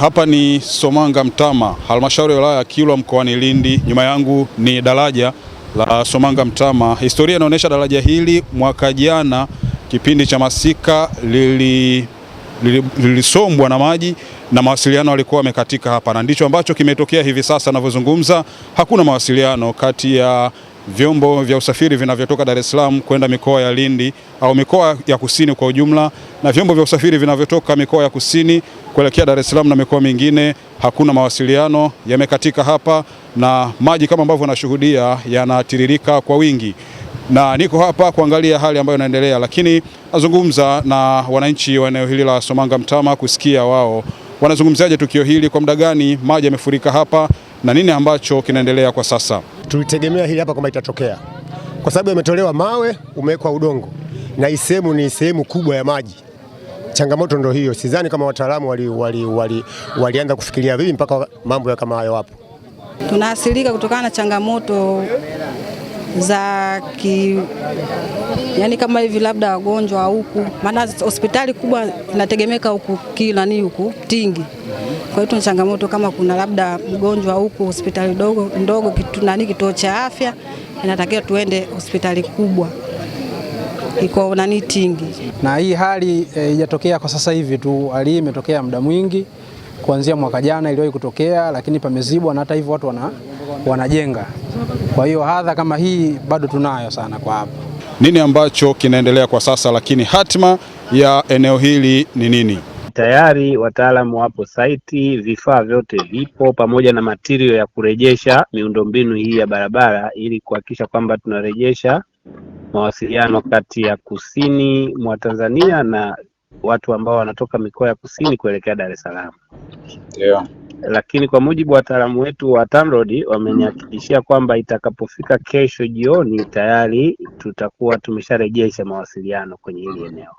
Hapa ni Somanga Mtama, halmashauri ya wilaya ya Kilwa mkoani Lindi. Nyuma yangu ni daraja la Somanga Mtama. Historia inaonyesha daraja hili mwaka jana kipindi cha masika lili lilisombwa na maji na mawasiliano yalikuwa yamekatika hapa, na ndicho ambacho kimetokea hivi sasa ninavyozungumza. Hakuna mawasiliano kati ya vyombo vya usafiri vinavyotoka Dar es Salaam kwenda mikoa ya Lindi au mikoa ya kusini kwa ujumla na vyombo vya usafiri vinavyotoka mikoa ya kusini kuelekea Dar es Salaam na mikoa mingine, hakuna mawasiliano, yamekatika hapa, na maji kama ambavyo wanashuhudia yanatiririka kwa wingi na niko hapa kuangalia hali ambayo inaendelea, lakini nazungumza na wananchi wa eneo hili la Somanga Mtama kusikia wao wanazungumziaje tukio hili, kwa muda gani maji yamefurika hapa na nini ambacho kinaendelea kwa sasa. Tulitegemea hili hapa kwamba itatokea kwa sababu yametolewa mawe, umewekwa udongo na hii sehemu ni sehemu kubwa ya maji changamoto ndo hiyo. Sidhani kama wataalamu walianza wali, wali, wali kufikiria vipi mpaka mambo ya kama hayo hapo. Tunaasilika kutokana na changamoto za ki, yani kama hivi labda wagonjwa huku, maana hospitali kubwa inategemeka huku kinani huku Tingi. Kwa hiyo tuna changamoto kama kuna labda mgonjwa huku hospitali ndogo ndogo kitu, nani kituo cha afya inatakiwa tuende hospitali kubwa iko nani tingi. Na hii hali e, haijatokea e, kwa sasa hivi tu, hali imetokea muda mwingi kuanzia mwaka jana iliwahi kutokea, lakini pamezibwa na hata hivyo watu wana, wanajenga. Kwa hiyo hadha kama hii bado tunayo sana kwa hapa. Nini ambacho kinaendelea kwa sasa, lakini hatima ya eneo hili ni nini? Tayari wataalamu wapo saiti, vifaa vyote vipo pamoja na matirio ya kurejesha miundombinu hii ya barabara ili kuhakikisha kwamba tunarejesha mawasiliano kati ya kusini mwa Tanzania na watu ambao wanatoka mikoa ya kusini kuelekea Dar es Salaam. Yeah. Lakini kwa mujibu wa wataalamu wetu wa TANROADS wamenihakikishia kwamba itakapofika kesho jioni tayari tutakuwa tumesharejesha mawasiliano kwenye hili eneo.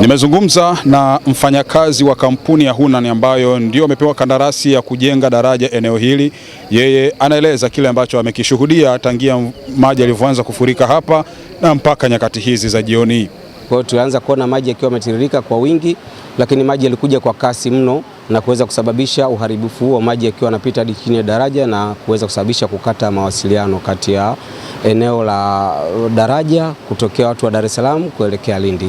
Nimezungumza na mfanyakazi wa kampuni ya Hunan ambayo ndio amepewa kandarasi ya kujenga daraja eneo hili. Yeye anaeleza kile ambacho amekishuhudia tangia maji yalivyoanza kufurika hapa na mpaka nyakati hizi za jioni Kwa hiyo tulianza kuona maji yakiwa yametiririka kwa wingi, lakini maji yalikuja kwa kasi mno na kuweza kusababisha uharibifu huo, maji yakiwa yanapita hadi chini ya daraja na kuweza kusababisha kukata mawasiliano kati ya eneo la daraja kutokea watu wa Dar es Salaam kuelekea Lindi.